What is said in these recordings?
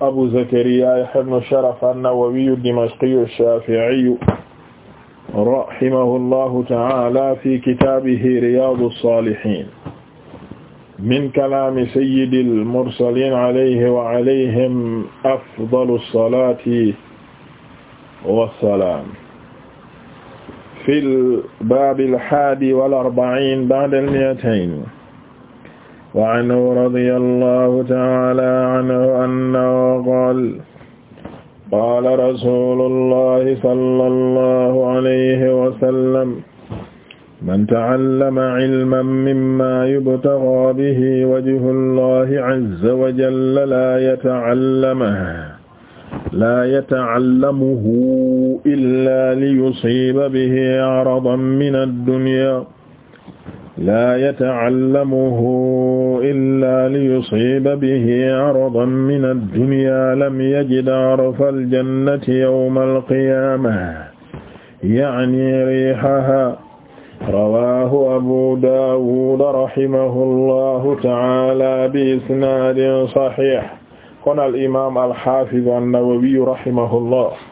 Abu Zakariya Yahya ibn Sharaf an-Nawawi ad-Dimashqi ash-Shafi'i rahimahullahu ta'ala fi kitaabihi Riyaadu s-Saalihiin min kalaami sayyidil mursaliin alayhi wa alayhim afdalu s-salaati wa s-salaam fil baabil haadi wal arba'iin ba'dal mi'atayn wa anhu radiyallahu ta'ala anhu annahu قال قال رسول الله صلى الله عليه وسلم من تعلم علما مما يبتغى به وجه الله عز وجل لا يتعلمه لا يتعلمه إلا ليصيب به عرضا من الدنيا laa yata'allamuhu illaa liyusiiba bihi aradan min ad-dunyaa lam yajid arafa al-jannati yawma al-qiyaamah ya'nii riihahaa rawaahu abu daawud rahimahullahu ta'aalaa bi-isnaadin sahiih kon al imaam al-haafiz an-nawawi rahimahullah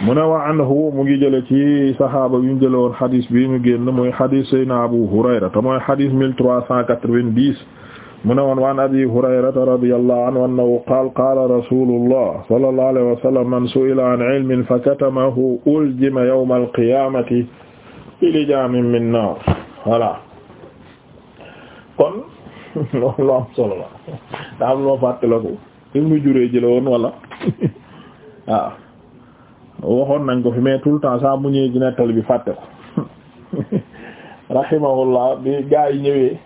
mu ne wa anhu mu ngi jële ci sahaaba bi mu jële woon xadis bi mu génn mooy xadis sayna Abu Hurayra te mooy xadis mille trois cent quatre-vingt-dix mu ne woon wa an Abi Hurayrata radiyallahu anhu annahu qaala qaala rasulullah sallallahu alayhi wa sallam man su'ila an ilmin fakatamahu uljima yawma alqiyamati bi lijaamin min naar voilà kon loolu am solo la daa am loo fàttaliku ibnu Jurayj jële woon wala waaw waxoon nañ ko fi mais tout le temps saa mu ñëwee ci nettali bi fàtte ko rahimahullah bi gaa yi ñëwee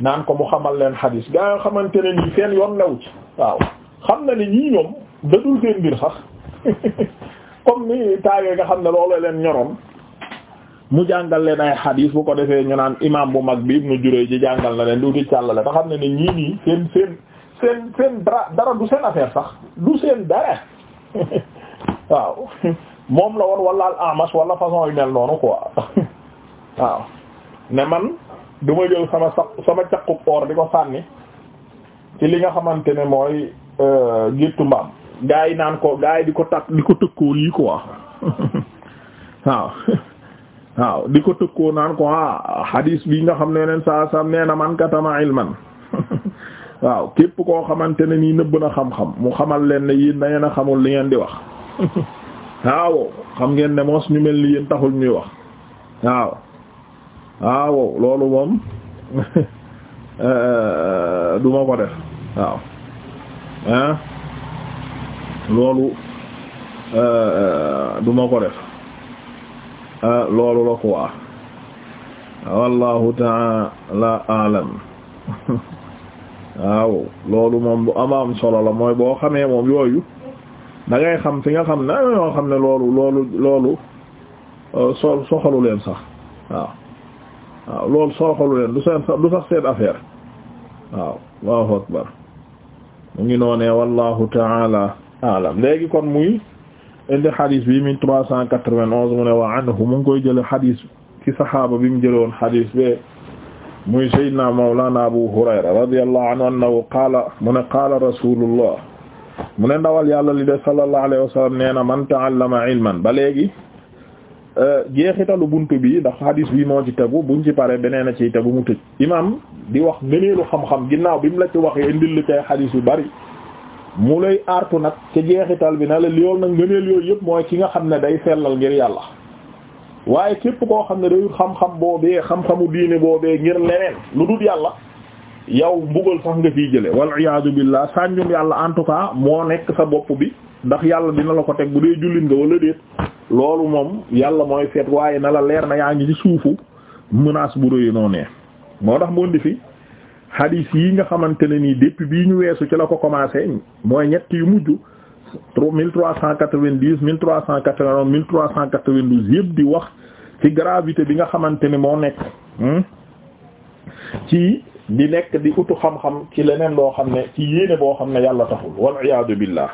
naan ko mu xamal leen xadiis gaa yoo xamante ne nii seen yoon new ci waaw xam na ni ñii ñoom dëddul seen mbir sax comme ni taayoo nga xam ne loolu leen ñoroon mu jàngal leen ay xadiis bu ko defee ñu naan imaam bu mag bi Ibnu Jurayj ji jàngal na leen di uti càllale te xam ne ne ñii nii seen seen seen seen dara dara du seen affaire sax du seen dara waaw moom la woon wala Amash wala façon yu mel noonu quoi waaw ne man du ma jël sama sama caqub or di ko sànni ci li nga xamante ne mooy euh, géttu mbaam gaa yi naan ko gaa yi di ko takk di ko tëkkoo lii quoi waaw waaw di ko tëkkoo naan ko ah hadis bi nga xam ne yeneen saa saa nee na man katama ilman waaw képp koo xamante ne nii nëbb na xam-xam mu xamal leen ne yéen na ngeen a xamul li ngeen di wax. waaw xam ngeen ne moos ñu mel ni yéen taxul ñuy wax waaw waaw loolu moom euh, du ma ko def waaw ah loolu euh, du ma ko def euh, loolu la quoi wallahu ta'ala a'lam waaw loolu moom bu solo la mooy boo xamee moom yooyu da ngay xam fi nga xam ne ñoo xam ne loolu loolu loolu euh, so soxalu leen sax waaw loolu soxalu leen du seen du sax seen affaire waaw Allahu akbar mu ngi noonee wallahu taala alam léegi kon muy indi xadis bi mille trois cent quatre-vingt-onze mu wa anhu mu ngi koy jële xadis ci saxaaba bi mu jëloon xadis be muy sayyidina mawlana Abu Hurayra radiyallahu anhu annahu qaala mu ne qaala mu ne ndawal yàlla li de sallallahu wa sallam nee na man ta'allama ilman ba léegi euh, jeexitalu bunt bi ndax hadis bi moo ci tegu buñ ci pare beneen a ci tegu mu tëj imam di wax ngëneelu xam-xam ginnaaw bi mu la ci waxee indil li kay hadis yu bari mu lay artu nag ci jeexital bi na la loolu nag ngëneel yooyu yëpp mooy ki nga xam ne day sellal ngir yàlla waaye képp koo xam ne day xam-xam boobee xam-xamu diine boobee ngir leneen lu dul yàlla yow mbugal sax nga fiy jële wal iyaadu billah sànjum yàlla en tout cas moo nekk sa bopp bi ndax yàlla dina la ko teg bu dee jullit nga wala déet loolu moom yàlla mooy feet waaye na la leer na yaa ngi ci suufu menace bu rëy noo moo tax moo indi fi hadis yi nga xamante ne nii depuis bii ñu weesu ci la ko commencé mooy ñett yu mujj mille trois cent quatre-vingt-dix mille trois cent quatre-vingt-onze mille trois cent quatre-vingt-douze yëpp di wax ci gravité bi nga xamante ne moo nekk hmm, di nekk di utu xam-xam ci leneen loo xam ne ci yéene boo xam ne yàlla taxul wal iyaadu billah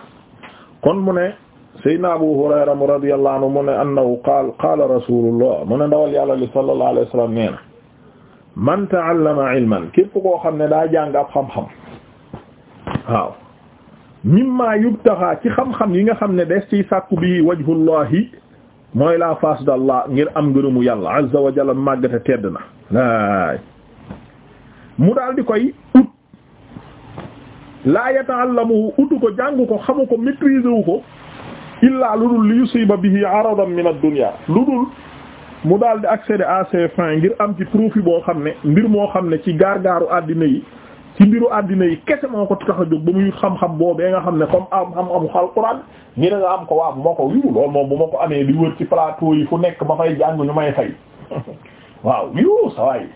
kon mu ne saydna abu hurayra mu radiyallahu anhu mu ne annahu qaal qaala rasulullah mu ne ndawal yàlla li sallallahu alayhi wa man ta'allama ilman képp koo xam ne daa jàng ab xam-xam waaw mimma yubtaxa ci xam-xam yi nga xam ne des ciy sàkku bi wajhullahi mooy la face d'Allah ngir am ngërëmu yàlla azza wa jalla màggate tedd na laay mu daal di koy ut laa mu utu ko jàngu ko xamu ko maîtriser wu ko illaa lu dul li yusiba bihi aradan min ad-dunya lu dul mu daal di accéder à ses ngir am ci profit boo xam ne mbir moo xam ne ci gaar-gaaru àddina yi ci mbiru àddina yi kese moo ko tax a jóg ba muy xam-xam boobee nga xam ne comme am am amu alxuraan ñu ne nga am ko waaw bu ma ko wiw loolu moom bu ma ko amee di wër ci plateau yi fu nekk ma fay jàng ñu may fay waaw wiw sa waay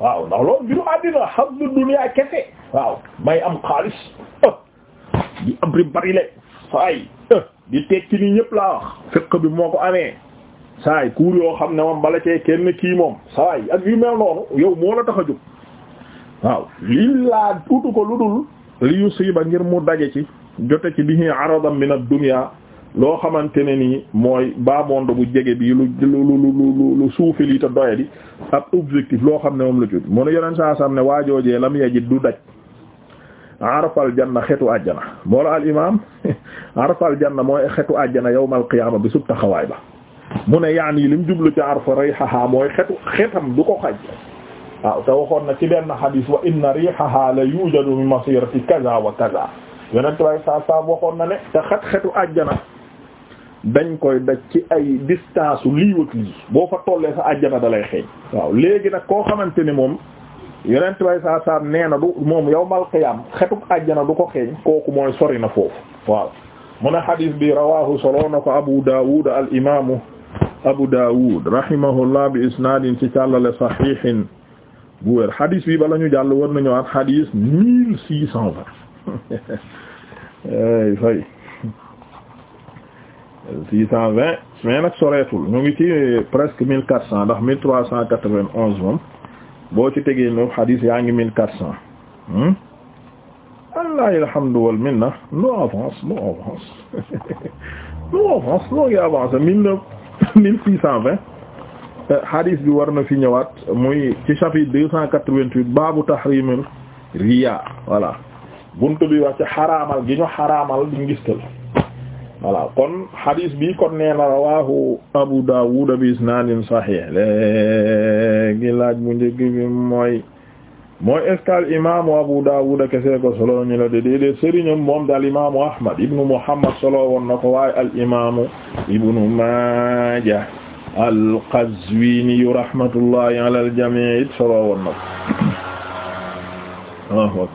waaw ndax loolu mbiru àddina hamdu dunya kese waaw may am xaalis di am bari le saay di tekki nii ñëpp laa wax fekk bi moo ko amee saay kuur yoo xam ne moom bala cee kenn kii moom saay ak yu mel noonu yow moo la tax a jóg waaw lii laa utu ko lu dul li yusiba ngir mu daje ci jote ci bihi aradan min ad-dunya loo xamante ne nii mooy bas monde bu jege bi lu lu lu lu suufi lii ta doye di ab objectif loo xam ne moom la jot mu ne yeneen saa ne waajoojee lam yajid du daj arafal janna xetu àjjana moo la al imam arafal janna mooy xetu àjjana yawmal qiyaama bi sub taxawaay ba mu ne yaan yi lim jublu ci arfa rihaha mooy xetu xetam du ko xaj waaw te na ci benn xadiis wa inna rihaha la yujadu min masirati kaza wa ne te xat xetu àjjana dañ koy da ci ay distance lii wëkk lii boo fa tollee sa àjjana da lay xeeñ waaw léegi nag koo xamante ni moom yonent bay saa saa nee na du moom yawmal qiyaam xetuk àjjana du ko xeeñ kooku mooy sori na foofu waaw mu ne xadiis bi rawaahu soloo na ko abu daawud al imaamu abu daawud rahimahullah bi isnaadin ci càllale saxiixin bu wér xadiis bi bala ñu jàll war nañu at xadiis mille six cent vingt six cent vingt mais nag soreetul ñu ngi ci presque mille quatre cent ndax mille trois cent quatre-vingt-onze moom boo ci tegee noonu hadis yaa ngi mille quatre cent hmm? wallahi alhamdu wal minna no avance no avance no avance noo ngi avancé mille neuf mille six cent vingt hadis bi war na fi ñëwaat muy ci chapitre deux cent quatre-vingt-huit baabu tahrimul riya voilà buntu bi wax ci xaraamal gi ñu xaraamal di ngistal voilà kon hadis bi kon nee na Abu Dawud bi isnadin sahih léegi laaj mu njëkk bi mooy mooy est-ce que Abu Dawud kese ko solo ñu la déedéet sëriñam moom daal imaamu Ahmad ibnu Muhammad solo woon na ko waaye al imaamu ibnu Maaja al Qazwini rahmatullahi ala al jamii solo woon na ko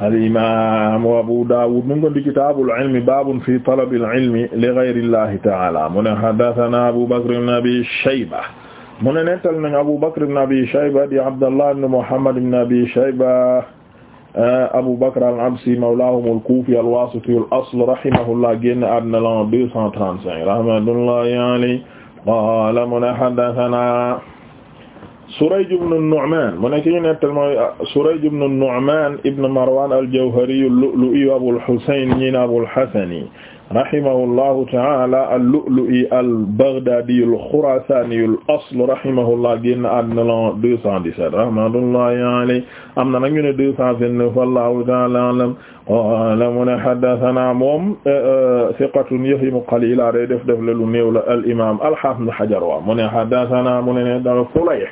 alimamu abou dawod mu ngi kondi kitabul ilmi babun fi talabil ilmi li ghayrillahi taala mu ne hadathana abou bakr ibn abi shayba mu ne nettal nañ abou bakr ibn abi shayba di abdallah ibn muhammad ibn abi shayba eh, abou bakr al-absi mawlahum al-kufi al-wasiti al-asl rahimahullah génn àddina lan 235 rahmatullahi alayhi qala mu ne hadathana Surayj ibn Nu'man mu ne ki ñu nettal mooy ah, Surayj ibn Nu'man ibn Marwan al-Jawhari al-Lu'lu'i Abul Husayn ñi na Abul Hasani rahimahullahu ta'ala al-Lu'lu'i al-Baghdadi al-Khurasani al-asl rahimahullah génn àddina la 217 rahmatullahi alayhi am na nag ñu ne 229 wallahu ta'ala a'lam qala mu ne haddathana moom eh, eh, thiqatun yahimu qalila day def def lu néew la al-imam al-hafiz Hajar wa mu ne haddathana mu ne ne dara Fulayh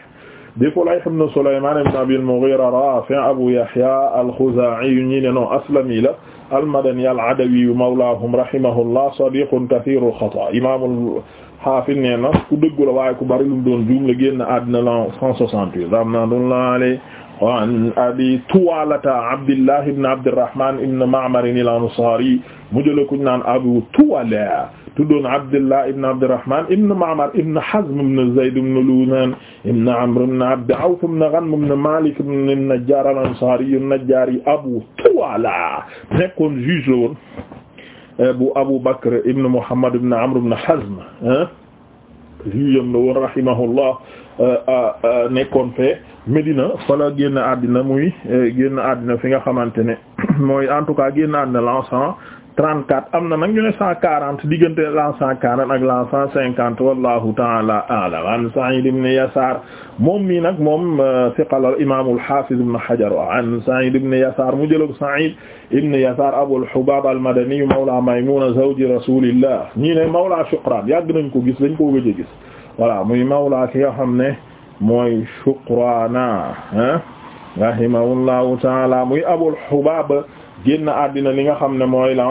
di Fulayh ibn Sulaymaan ibn Abi al-Mughira Raafi' Abu Yahya al-Khuzaa'i ñi ne noo aslami la al-Madani al-Adawi mawlaahum rahimahullah sadiqun kathiirul xataa imaamul xaafis nee na ku dëggu la waaye ku bari lu mu doon juum la génn àddina la 168 rahmatullahi alayhi wa an Abi Tuwaalata Abdullah ibn Abdirrahmaan ibn Ma'mar al-Ansaari mu jëlee ku ñu naan Abu Tuwala tuddoon Abdullah ibn Abdurrahman ibn Ma'mar ibn Hazm ibn Zayd ibn Luzan ibn Amr ibn Abd Awf ibn Ghanm ibn Malik ibn Najjar al-Ansari an-Najjari Abu Tuwala nekkoon juge la woon eh, bu Abu Bakr ibn Muhammad ibn Amr ibn Hazm eh, juge am la woon rahimahullah eh, nekkoon fee Médina fa la génn àddina muy génn àddina fi nga xamante ne mooy en tout cas génn àddina l'an 34 am na nag ñu ne 140 diggante l'an 140 ak l'an 150 wallahu ta'ala a'lam an Sa'id ibn Yasar moom mi nag moom siqal euh, al imam al hafiz ibn Hajar an Sa'id ibn Yasar mu jëlog Sa'id ibn Yasar Abu al-Hubab al-Madani mawla Maymuna zawj rasulillah ñi ne mawla Shuqran yàgg nañ ko gis dañ ko gëj a gis voilà muy mawla ki nga xam ne mooy Shuqrana rahimahullahu ta'ala muy Abu al-Hubab génn àddina li nga xam ne mooy la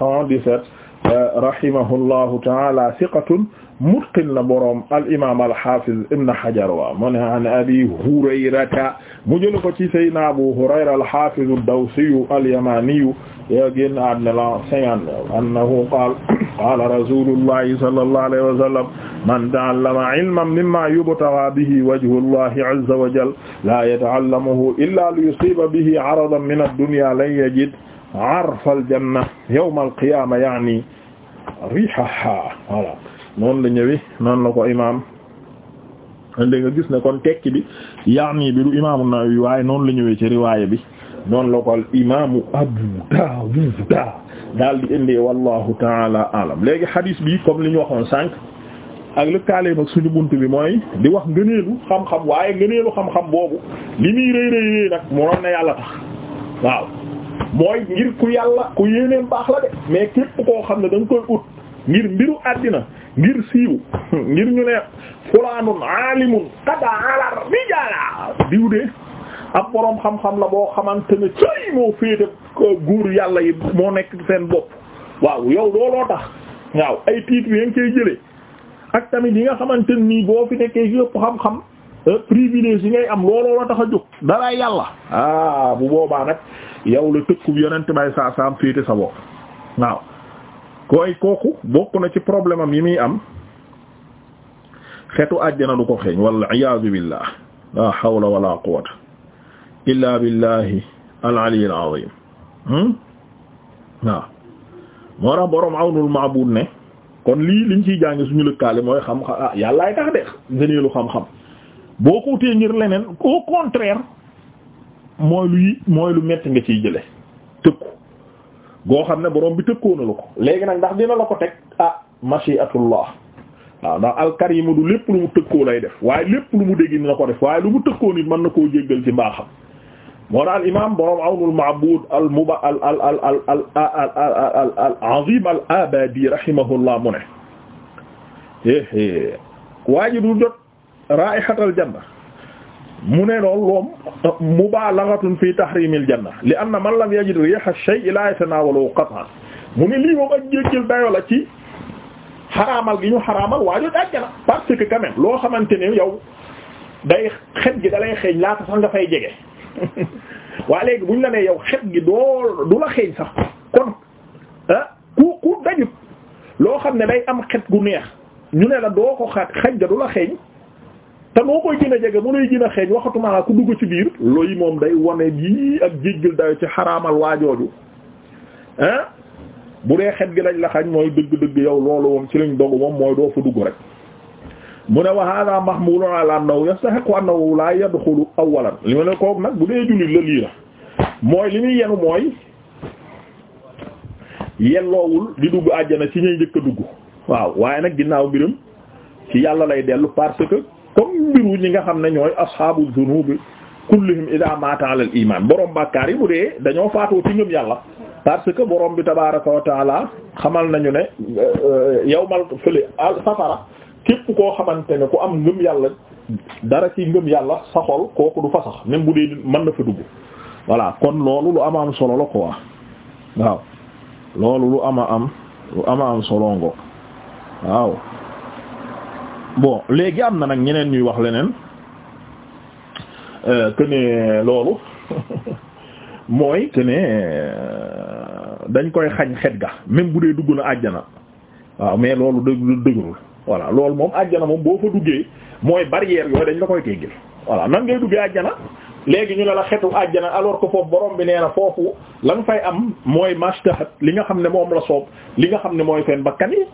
117 euh, rahimahullahu taala siqatun mutqin la boroom al imaam al haafiz ibn hajar wa mu ne an abi hurayrata mu jël ko ci sayyidina abu hurayra al haafiz ad-dawsi al yamani yo génn àddina la cinquante annahu qaal qaala rasulullahi sallallahu alayhi wa sallam man ta'allama ilman mimma yubtagha bihi wajhu allahi azza wa jalla la yata'allamuhu illa liyusiba bihi aradan min ad-dunya lan yajid arfa al-janna yawma al-qiyama yaani rihaha voilà noonu la ñëwi noonu la ko imam ande nga gis ne kon tekki bi yaani bi du imam an-Nawawi waaye noonu la ñëwee ci riwaaya bi noonu la ko al imaamu Abu Daawud daal di indee wallahu taala alam léegi hadis bi comme li ñu waxoon sànq ak lëkkaaleem ak suñu bunt bi mooy di wax ngëneelu xam-xam waaye ngëneelu xam-xam boobu li muy rëy rëy rëy nag mënoon na yàlla tax waaw mooy ngir ku yàlla ku yéeneen baax la de mais képp koo xam ne da nga koy ut ngir mbiru àddina ngir siiw ngir ñu ne fulaanun aalimun qada ala rijala diw de ab boroom xam-xam la boo xamante ne cëy moo féete guur yàlla yi moo nekk seen bopp waaw yow looloo tax waaw ay titres yi nga koy jëlee ak tamit yi nga xamante nii boo fi nekkee yëpp xam-xam euh, privilège yi ngay am looloo la tax a jóg dara yàlla ah bu boobaa nag yow la tëkkub yonent bay saa saam féete sa bopp waaw koy kooku bokk na ci problème am yi muy am xetu àjjana du ko xeeñ wal iyaazu billah la hawla wala quwwata illaa billahi al-aliyyil azim hmm? waaw moo tax boroom awnul ma'bud ne kon lii liñ ciy jàng suñu lëkkaale mooy xam-xam ah yàllaay tax de ngëneelu xam-xam boo ko wutee ngir leneen au contraire mooy luy mooy lu metti nga ciy jële tëkku goo xam ne borom bi tëkkoona la ko léegi nag ndax dina la ko teg ah mashiatullah waaw ndax alkarimu du lépp lu mu tëkkoo lay def waaye lépp lu mu dégg ni na ko def waaye lu mu tëkkoo nit mën na koo jéggal ci mbaaxam moo na al imam borom awnul ma'bud al muba al al al al al al al azim al abadi rahimahullah mu ne éé waa ji du jot raihatal janna mu ne loolu loom mubalaghatun fi tahrimil janna li anna man lam yajid riha ash-shay'i la yatanawalu qat'an mu ne lii moom ak jéggil dayo la ci xaraamal gi ñu xaraamal waajoo àjjana parce que quand même loo xamante ne yow day xet gi dalay xeeñ laata sax nga fay jege waa léegi buñ la nee yow xet gi doo du la xeeñ sax kon ah ku ku dajut loo xam ne day am xet gu neex ñu ne la doo ko xaat xaj ga du la xeeñ te noo koy gën a jege mu lay gën a xeeñ waxatuma la ku dugg ci biir looy moom day wane yii ak jéggal dayo ci xaraamal waajooju ah bu dee xet gi lañ la xañ mooy dëgg-dëgg yow loolu moom ci lañ dogu moom mooy doo fa dugg rek mu ne wa hada mahmulun ala annahu yastahiqu annahu la yadxulu awalan li ma ne kooku nag bu dee jullit la lii mooy li muy yenu mooy yelloowul di dugg àjjana ci ñuy njëkk a dugg waaw waaye nag ginnaaw mbiram ci yàlla lay dellu parce que comme mbiru ñi nga xam ne ñooy ashabu zunubi kullihim al iman borom bàkkaar yi bu dee dañoo faatoo ci ngëm yàlla parce que borom bi tabaraka wa xamal nañu ne euh, euh, yawmal fële safara képp koo xamante ne ku am ngëm yàlla dara ci ngëm yàlla sa xol kooku du fa sax bu dee mën na fa dugg voilà kon loolu lu ama am solo la ko quoi waaw loolu lu ama am lu ama am solo ngo waaw bon léegi am na nag ñeneen ñuy wax leneen euh, que loolu mooy que ne euh, dañ koy xañ xet ga même bu dee dugg na àjjana waaw mais loolu dëgg dëggul voilà loolu moom àjjana moom boo fa duggee mooy barrière yooyu dañ la koy teggil voilà nangay ngay duggee àjjana léegi ñu ne la xetu àjjana alors que foofu borom bi nee na foofu la nga fay am mooy mashtahat li nga xam ne moom la soob li nga xam ne mooy seen bakkan yi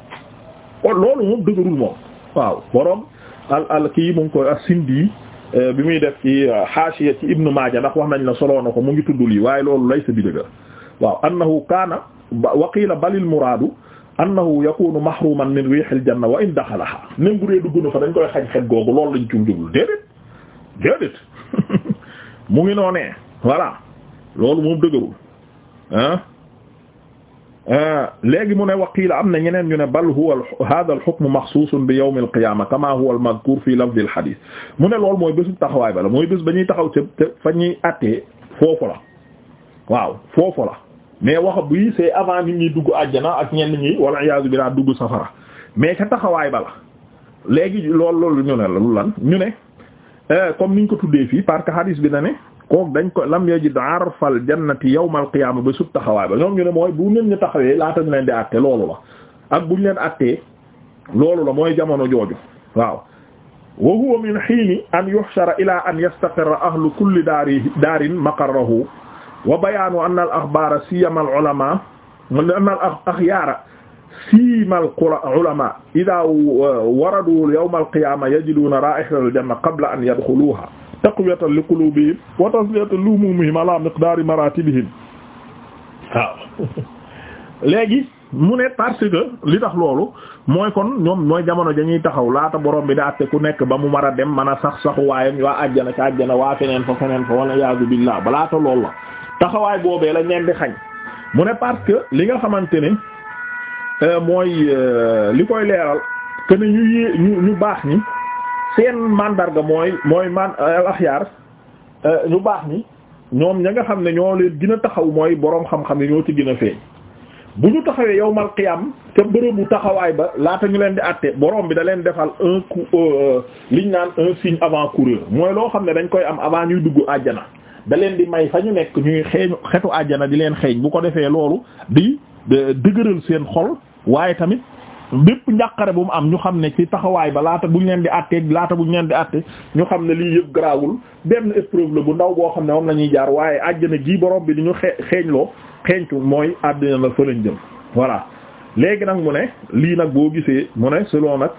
kon loolu moom dëgërul moom waaw borom al al kii mu ngi koy as-Sindi euh, bi muy def ci euh, haashiya ci Ibnu Maaja ndax wax nañ la soloo na ko mu ngi tuddul lii waaye loolu lay sa bi dëgër waaw annahu kaana waqiila balil muraadu annahu yakunu mahruman min rihil janna wa in daxalaha même bu dee dugg na fa dañ koy xaj xet googu loolu lañ ci jublu déedéet déedéet mu ngi noonee voilà loolu moom dëgërul ah léegi mu ne waqiila am na ñeneen ñu ne bal huwa hada al hukm maxsuus bi yawm al qiyaama kama huwa al mazkuur fi lafz al hadiis mu ne loolu mooy bésu taxawaay ba la mooy bés ba ñuy taxaw ca fa ñuy attee foofu la waaw foofu la mais wax buy c'est avant nit ñi dugg àjjana ak ñenn ñi wala iyaazu billah dugg safara mais ca taxawaay ba léegi lool loolu ñu ne la lu lan ñu ne euh, comme niñ ko tuddee fii parce que hadis bi na ne kook dañ ko lam yajid arfal jannati yawmal qiyaama ba sut taxawaay ba ñoom ñu ne mooy bu neen ñu taxawee laata ñu leen di àtte loolu la ak buñ leen àttee loolu la mooy jamono jooju waaw wa huwa min hiini an yuhshara ila an yastaqirra ahlu kulli daari daarin maqarrahu wa bayaanu anna al axbaara siyama al ulama anna al axyaara siyama al ulama waradu yawma al qiyaama yajiduuna raa'ihata al janna qabla an yadxuluuha taqwiyatan li quluubihim wa tasliyatan li humuumihim alaa miqdaari maraatibihim mu ne parce que li tax loolu mooy kon ñoom mooy jamono dañuy taxaw laata borom bi daa ku nekk ba mu war a dem mën a sax saxu waayam waa àjjana ca àjjana waa feneen fa feneen fa wala yaazu billah ba lool la taxawaay boobee lañ leen di xañ mu ne parce que li nga xamante ne euh, mooy euh, li koy leeral que ñu yée ñu ñu baax ñi seen màndarga mooy mooy man euh, axyaar ñu baax ñi ñoom ña nga xam ne ñoo leen gën taxaw mooy boroom xam-xam yi ñoo ci gën a feeñ bu ñu taxawee yowmal qiyam te bërëbu taxawaay ba laata ñu leen di àtte borom bi da leen defal un coup liñ naan un signe avant coureur mooy loo xam ne dañ koy am avant ñuy dugg àjjana da di may fa ñu nekk ñuy xeeñu xetu àjjana di leen xeeñ bu ko defee loolu di dëgëral seen xol waaye tamit bépp njàqare bu mu am ñu xam ne ci taxawaay ba laata buñ leen di àttee laata buñ leen di àttee ñu xam ne lii yëpp garaawul benn épreuve la bu ndaw boo xam ne moom la ñuy jaar waaye àjjana gi borom bi di ñu xee xeeñloo xeeñtu mooy àddina la fa lañ voilà léegi nag mu ne lii nag boo gisee mu ne selon nag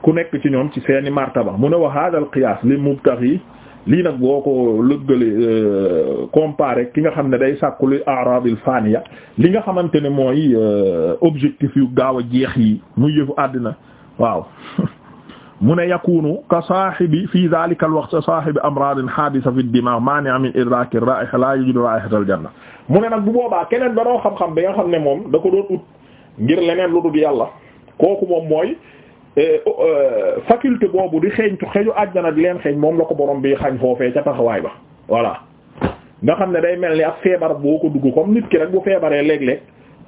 ku nekk ci ñoom ci seeni martaba mu ne wa hadal qiyaas li mubtaghi lii nag boo ko lëggale euh, comparé ki nga xam ne day sàkku li arabil faniya li nga xamante ne mooy euh, objectif yu gaaw a jeex yi muy yëfu àddina waaw mu ne yakunu ka saahibi fi dhalika al waqt saahibi amradin hadisa fi dimagh maani'a min idraki raiha la yajudu raihata al janna mu ne nag bu boobaa keneen danoo xam-xam bi nga xam ne moom da ko doon ut ngir leneen lu dul yàlla kooku moom mooy Eh, oh, eh, faculté boobu di xeeñtu xeeñu àjjana di leen xeeñ moom la ko borom bi xañ foofee ca taxawaay ba voilà nga xam ne day mel ni ak feebar boo ko dugg comme nit ki rek bu feebaree léeg-léeg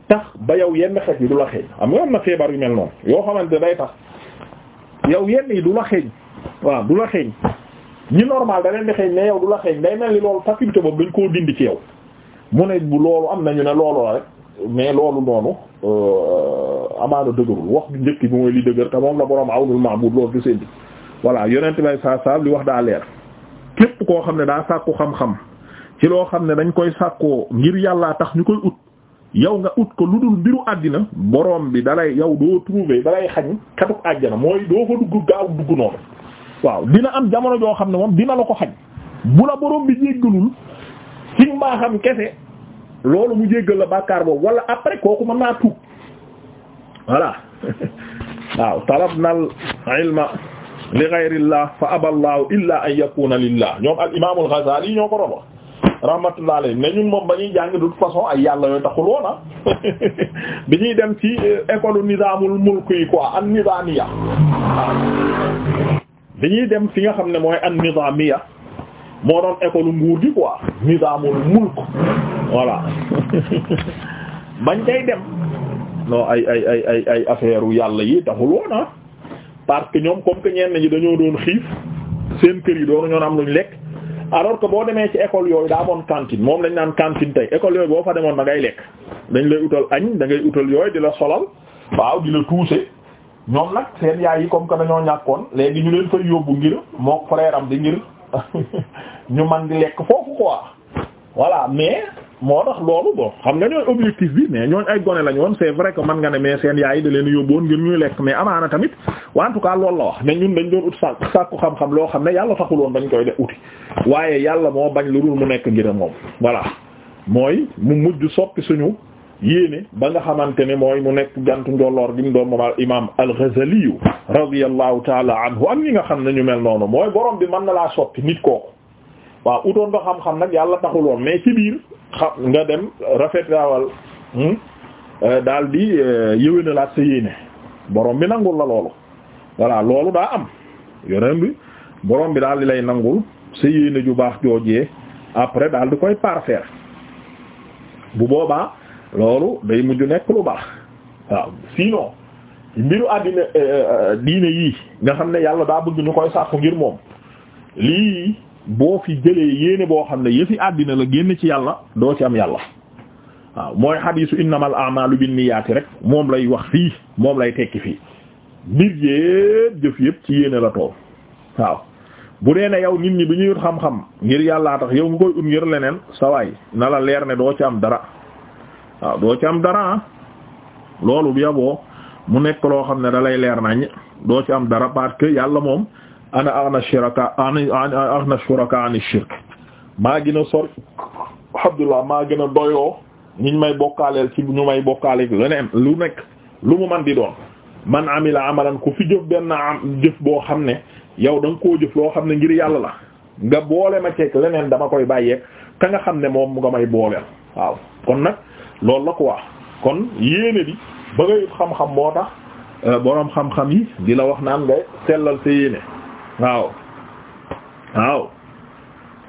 tax ba yow yenn xeet yi du la xeeñ am nga am na feebar yu mel noonu yoo xamante day tax yow yenn yi du la xeeñ waaw du la xeeñ ñi normal da leen di xeeñ ne yow du la xeeñ day mel ni loolu faculté boobu dañ koo dindi ci yow mu ne bu loolu am nañu ne loolu la rek mais loolu noonu euh, amaana dëgërul wax bi njëkk bi mooy li dëgër te moom la borom awnul ma'bud loolu du seen bi voilà yonent bay saa saab li wax daa leer képp koo xam ne daa sàkku xam-xam ci loo xam ne dañ koy sàkkoo ngir yàllaa tax ñu koy ut yow nga ut ko lu dul mbiru àddina boroom bi dalay yow doo trouver dalay xañ katuk àjjana mooy doo fa dugg gaaw dugg noonu waaw dina am jamono joo xam ne moom dina la ko xañ bu la borom bi jéggalul ci loolu mu jéggal la bàkkaar boobu wala après kooku mën naa tuub voilà talabna al ilma li ghayrillah fa aballahu illa an yakuna lillah ñoom al imam al ghazali ñoo ko rahmatullah alayhi ne ñun moom ba ñuy jàng de façon ay yàlla yooyu taxul ah. bi ñuy dem fi euh, école nizaamul mulk yi quoi an nizamiya bi ñuy dem fi nga xam ne mooy an nizamiya moo doon école nguur gi quoi nizaamul mulk voilà bañ tay dem non ay ay ay ay ay affaire u yàlla yi taxul woon ah parce que ñoom comme que ñenn ñi dañoo doon xiif seen kër yi doon ñoon am luñ lekk alors que boo demee ci école yooyu daa amoon cantine moom lañ naan cantine tey école yooyu boo fa demoon da ngay lekk dañ lay utal añ da ngay utal yooyu di la solal waaw di la tuuse ñoom nag seen yaay yi comme que dañoo ñàkkoon léegi ñu leen fay yóbbu ngi mook frère am di ñu man di lekk foofu quoi voilà mais moo tax loolu bon xam nga ñooy objectif bi mais ñooñ ay gone lañu woon c'est vrai que man nga ne mais seen yaay da leen yóbboon ngir ñuy lekk mais amaana tamit wa en tout cas loolu la wax ne ñun dañ doon ut sàkk sàkku xam-xam loo xam ne yàlla taxul woon dañ koy def uti waaye yàlla moo bañ lu dul mu nekk ngir moom voilà mooy mu mujj soppi suñu yéene ba nga xamante ne mooy mu nekk jantu njolloor gi mu doon moom al imam al-Ghazali radiyallahu anhu am ñi nga xam ne ñu mel noonu mooy borom bi mën na laa sotti nit kooku waaw utoon nga xam-xam nag yàlla taxuloon mais ci biir xam nga dem rafet daawal hmm, euh, daal di euh, yëwénalaat sa yéene borom bi nangul la loolu voilà loolu daa am yoneen bi borom bi daal di lay nangul sa yéene ju baax joojee après daal di koy parfaire bu boobaa loolu day mujj nekk lu baax waaw sinon mbiru àddina eh, eh, diine yii nga xam ne yàlla daa bëgg ñu koy sàkku ngir moom lii boo fi jëlee yéene boo xam ne yëfi àddina la génn ci yàlla doo ci am yàlla waaw mooy xadiisu innamal bi binniyaati rek moom lay wax fii moom lay tekki fii mbir yépp jëf yépp ci yéene la tool waaw bu dee ne yow nit ñi bi ñuy xam-xam ngir yàlla tax yow nga koy ut ngir leneen sawaay na la leer ne doo ci am dara waaw doo ci am dara ah. loolu bi mu nekk loo xam ne da lay leer nañ doo ci am dara parce yàlla moom ana aghna shuraka ana aghna shuraka shirk maa gën a sor Abdullah maa gën a doyoo ñiñ may bokkaaleel ci ñu may bokkaaleeg leneen lu nekk lu mu man di doon man amila amalan ku fi jëf benn am jëf boo xam ne yow da nga koo jëf loo xam ne ngir yàlla la nga boole ma ceeg leneen dama koy bàyyeeg ka nga xam ne moom mu nga may booleel waaw kon nag loolu la waa kon yéene bi ba ngay xam-xam moo tax euh, boroom xam-xam yi di la wax naan ngay sellal sa yéene waaw waaw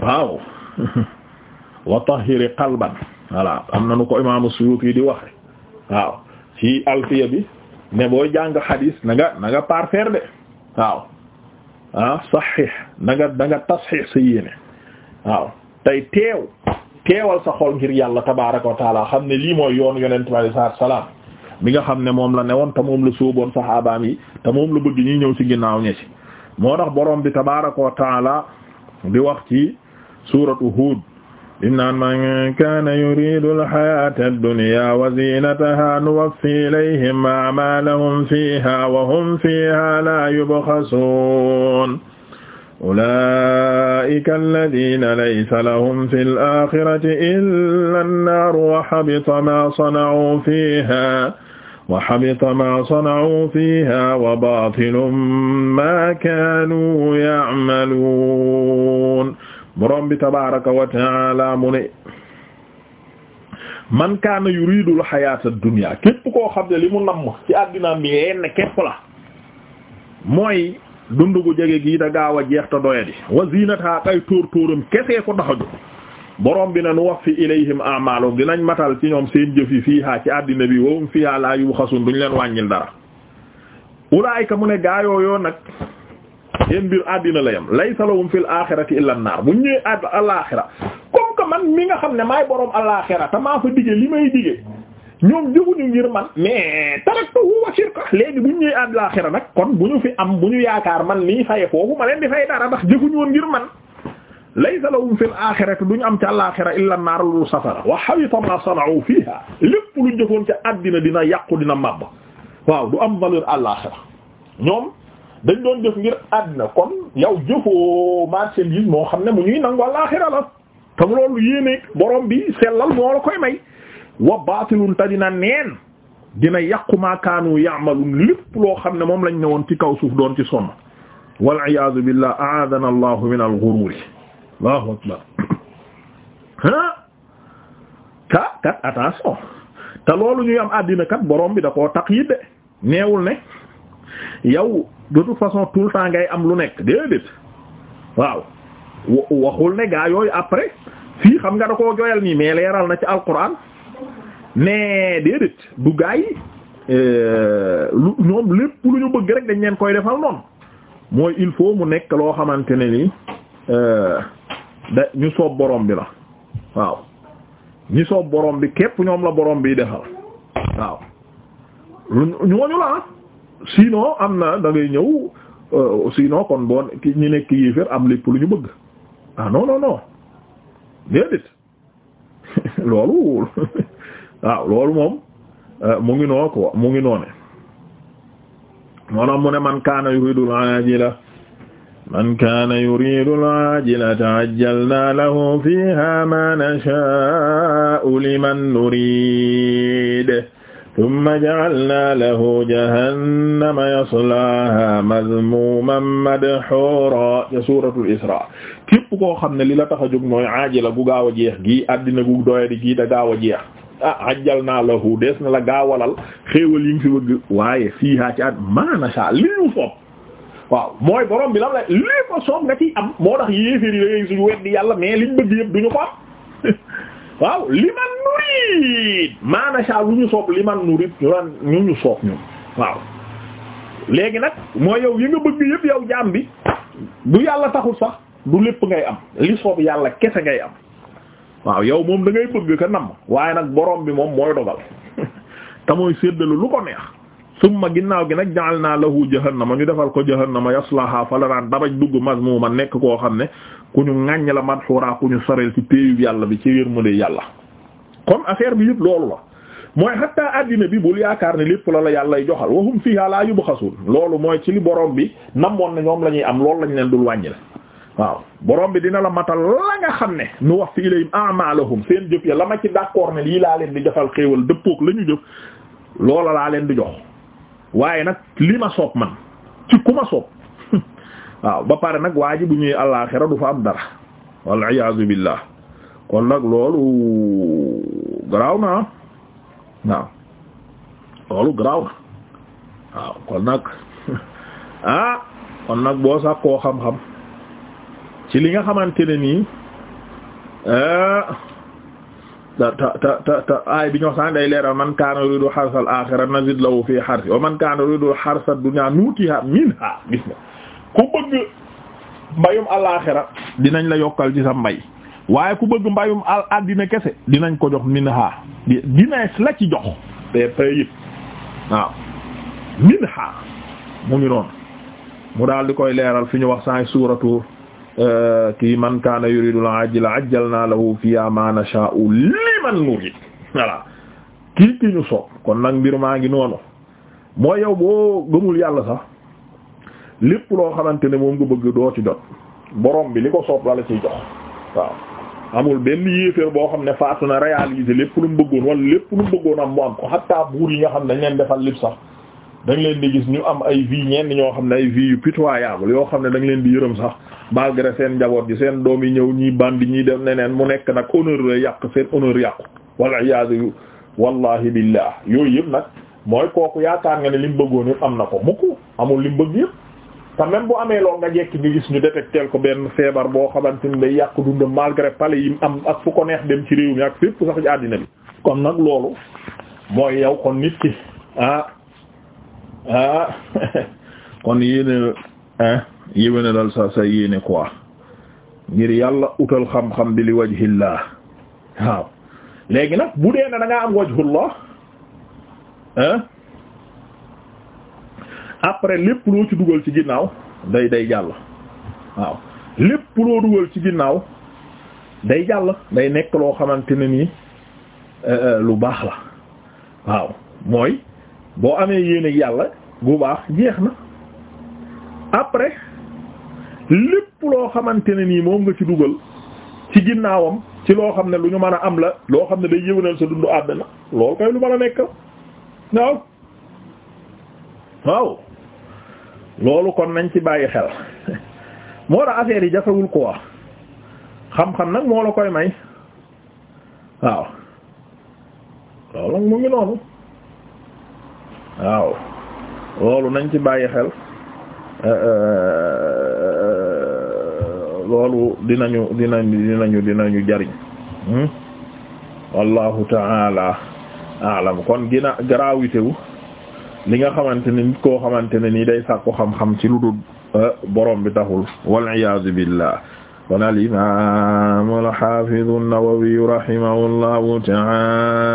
waaw wa tahiri qalban voilà am na nu ko imaamu Suyuti di waxe waaw ci alfiya bi ne booy jàng xadiis nanga nga na nga parfaire de waaw ah saxiix na nga tasxiix sa yéene waaw tey teew teewal sa xol ngir yàlla tabaaraka wa taala xam ne lii mooy yoon yonent bi alayhi salaatu wa salaam mi nga xam ne moom la newoon te moom la sóoboon saxaabaam yi te moom la bëgg ñuy ñëw ci ginnaaw ñi ci moo tax borom bi tabaaraka wa taala di wax ci suuratu Huud im naan man kaana yuridu alxayata aldunya wa zinataha nuwaffi ilayhim a'malahum wa hum fiha la yubxasuun ulaa'ika allaziina laysa lahum fil aaxirati illa an-naaru wa habita maa sana'uu fiihaa wa habita maa sana'uu fiihaa wa baatilun maa kaanuu ya'maluun Boroom bi tabaaraka wa ta'aala mu ne man kaana yuriidul hayaata dunyaa képp koo xam ne li mu namm ci àddina mi yenn képp la mooy dund gu jege gii da gaaw a jeex te doyadi wa zinata kay tóor tóoram kesee ko tax a borom bi na nu wax fi ilayhim amalo dinañ matal ci ñoom seen jëf fiihaa ci àddina bi wowum fiihaa laa yubxasun duñ leen wàññil dara ulaayka mu ne gaayoo yoo nag seen mbir àddina la yam laysa lahum fil axirati illa an-naar bu ñëwee alaaxira comme que man mi nga xam ne maay borom alaaxira maa fa dige li may dige ñoom jëfuñu ngir man mais taraktuhu wa shirka léegi bu ñu ñëwee àllaaxira nag kon bu ñu fi am bu ñu yaakaar man nii fay foofu ma leen di fay dara ndax jëfuñu woon ngir man laysa lahum fil aaxirati duñu am ci àllaaxira illa naar lu safara wa habita ma sana'u fiha lépp lu jëfoon ca àddina dina yàqu dina màbb waaw du am valeur àllaaxira ñoom dañ doon jëf ngir àddina kon yow jëfoo marchandise moo xam ne mu ñuy nangu àllaaxira la te loolu yéeneeg borom bi sellal moo la koy may. wa baatilun te dina neen dina yàqu maa kaanu ya'malun lépp loo xam ne moom lañ ne woon ci kaw suuf doon ci sonn wal iyaadu billah a'aadana allahu min al ghururi allahu akbar ah ta kat attention te loolu ñuy am àddina kat borom bi da koo taqyid de neewul ne yow de toute façon tout le temps ngay am lu nekk déedéet waaw waxul ne gaa yooyu après fii xam nga da koo joyal nii mais leeral na ci alquran mais déedéet du gaa euh, lu ñoom lépp lu ñu bëgg rek dañ leen koy defal noonu mooy il faut mu nekk loo xamante ne ni euh, da ñu soob borom bi la waaw ñi soob borom bi képp ñoom la borom bi defal waaw ñooñu la sinon am na da ngay ñëw euh, sinon kon boo ñu nekk yéeféer am lépp lu ñu bëgg ah non non déedéet loolu waaw loolu moom euh, mu ngi noo ko mu ngi noone monom mu ne man kaana yuridul ajila man kaana yuridul ajila ta'ajjalna lahu fiha ma nasha'u liman nurid thumma ja'alna lahu jahannama yaslaha madhmuman madhura ca suratul isra képp koo xam ne li la tax a jóg mooy ajila gu gaaw a jeex gi addina gu doyadi gi da gaaw a jeex ah ajjal naa lahu des na la gaawalal xéewal yi nga fi bëgg waaye fiihaa ci at li ñu soob waaw mooy borom bi lam la lii ko soob nga ciy am moo tax yéeféer yi da ngay suñu weddi yàlla mais liñ bëgg yëpp duñu ko li man nurit ñu soob li man nurit ñu daan ñu ñu soob ñun waaw léegi nag mooy yow yi nga bëgg yëpp yow jaam bi du yàlla taxul sax du lépp ngay am li soob yàlla kese ngay am waaw yow moom dangay ngay bëgg ka nam waaye nag borom bi moom mooy dogal te mooy séddale lu ko neex summa ginnaaw gi nag jaal naa lahu jahannama ñu defal ko jahannama yaslaha fa la naan dabaj dugg mazmuma nekk koo xam ne ku ñu ŋàññ la madhura ku ñu soreel ci péeyub yàlla bi ci yërmande yàlla kon affaire bi yëpp loolu la mooy xatta addina bi bul yaakaar ne lépp la la yàllay joxal wahum fiha la yubxasun loolu mooy ci li borom bi namoon na ñoom la ñuy am loolu lañ leen dul wàññi waaw boroom bi dina la matal la nga xam ne nu wax fi ilayhim a'malahum seen jëf ya la ma ci ne lii laa leen di joxal xéewal dëppook la ñu jëf loola laa leen di jox waaye nag lii ma soob man ci ku ma soob waaw ba pare nag waa ji bu ñuy àllaaxira du fa am dara wal iyaazu billah kon nag loolu garaaw na waaw kon nag ah kon nag boo sax koo xam-xam ci li nga xamante ne nii ah, ta aay bi ñu wax saan leeral man kaana yuridu xarsal axira nazid lahu fii xarsi wa man kaana yuridu xarsad dunya nuutiha minha gis na ku bëgg mbayum alaaxira dinañ la yokkal ci sa mbay waaye ku bëgg mbayum al addina kese dinañ ko jox minha dinañ la ci jox te près yëpp waaw minha mu ngi noonu mu daal di koy leeral fi ñu wax saay suuratu Euh, kii man kaana yuridul ajla ajjalna lahu fiha ma nasha'u liman nurid voilà kii kii ñu soog kon nag mbir maa ngi noonu mooy yow boo gëmul yàlla sax lépp loo xamante ne moom nga bëgg doo ci jot borom bi li ko soob la ci ciy jox waaw amul benn yéeféer boo xam ne faatu na réaliser lépp lu mu bëggoon wala lépp lu mu bëggoon am mu am ko xatta buur yi nga xam ne dañ leen defal lépp sax da leen di gis ñu am ay vie ñenn ñoo xam ne ay vie yu pitoyable yoo xam ne da leen di yërëm sax malgré seen njaboot gi seen doom yi ñëw ñii bandi ñii def neneen mu nekk nag honneur la yàq seen honneur yàqu wala iyaadu wallahi billah yooyu yëpp nag mooy kooku yaakaar nga ne li bëggoon yi am na ko mukk amul li mu bëgg yëpp te même bu amee lool nga jekk nga gis ñu détecté ko benn feebar boo xamante ni day yàq dundam malgré pale yi am ak fu ko neex dem ci réew mi ak fépp sax ci àddina kon nag loolu yow kon nit ki ah, ah kon yéene yéwénalal sa sa yéene quoi ngir yàlla utal xam-xam bi li wajhillah waaw léegi nag bu dee na da ngaa am wajhullah ah après lépp loo ci dugal ci ginnaaw day day jàll waaw lépp loo dugal ci ginnaaw day jàll day nekk loo xamante ne nii eh, eh, lu baax la waaw mooy. boo amee yéene yàlla bu baax jeex na après lépp loo xamante ne nii moom nga ci dugal ci ginnaawam ci loo xam ne lu ñu man a am la loo xam ne day yëwanal sa dundu àddina loolu koy lu mën a nekk waaw waaw loolu kon nañ ci bàyyi xel moo la affaire yi jafewul ko wax xam-xam nag moo la koy may waaw loolu nag mu ngi noonu waaw loolu nañ ci bàyyi xel eh, eh, eh, loolu dinañu dinañu dinañu dinañu jariñ hmm? wallahu taala alam kon gina gravité wu li nga xamante ne nit koo xamante ne nii day sàkku xam-xam ci lu dul borom bi taxul wal iyaazu billah kon al imam al hafiz an-Nawawi rahimahullahu taala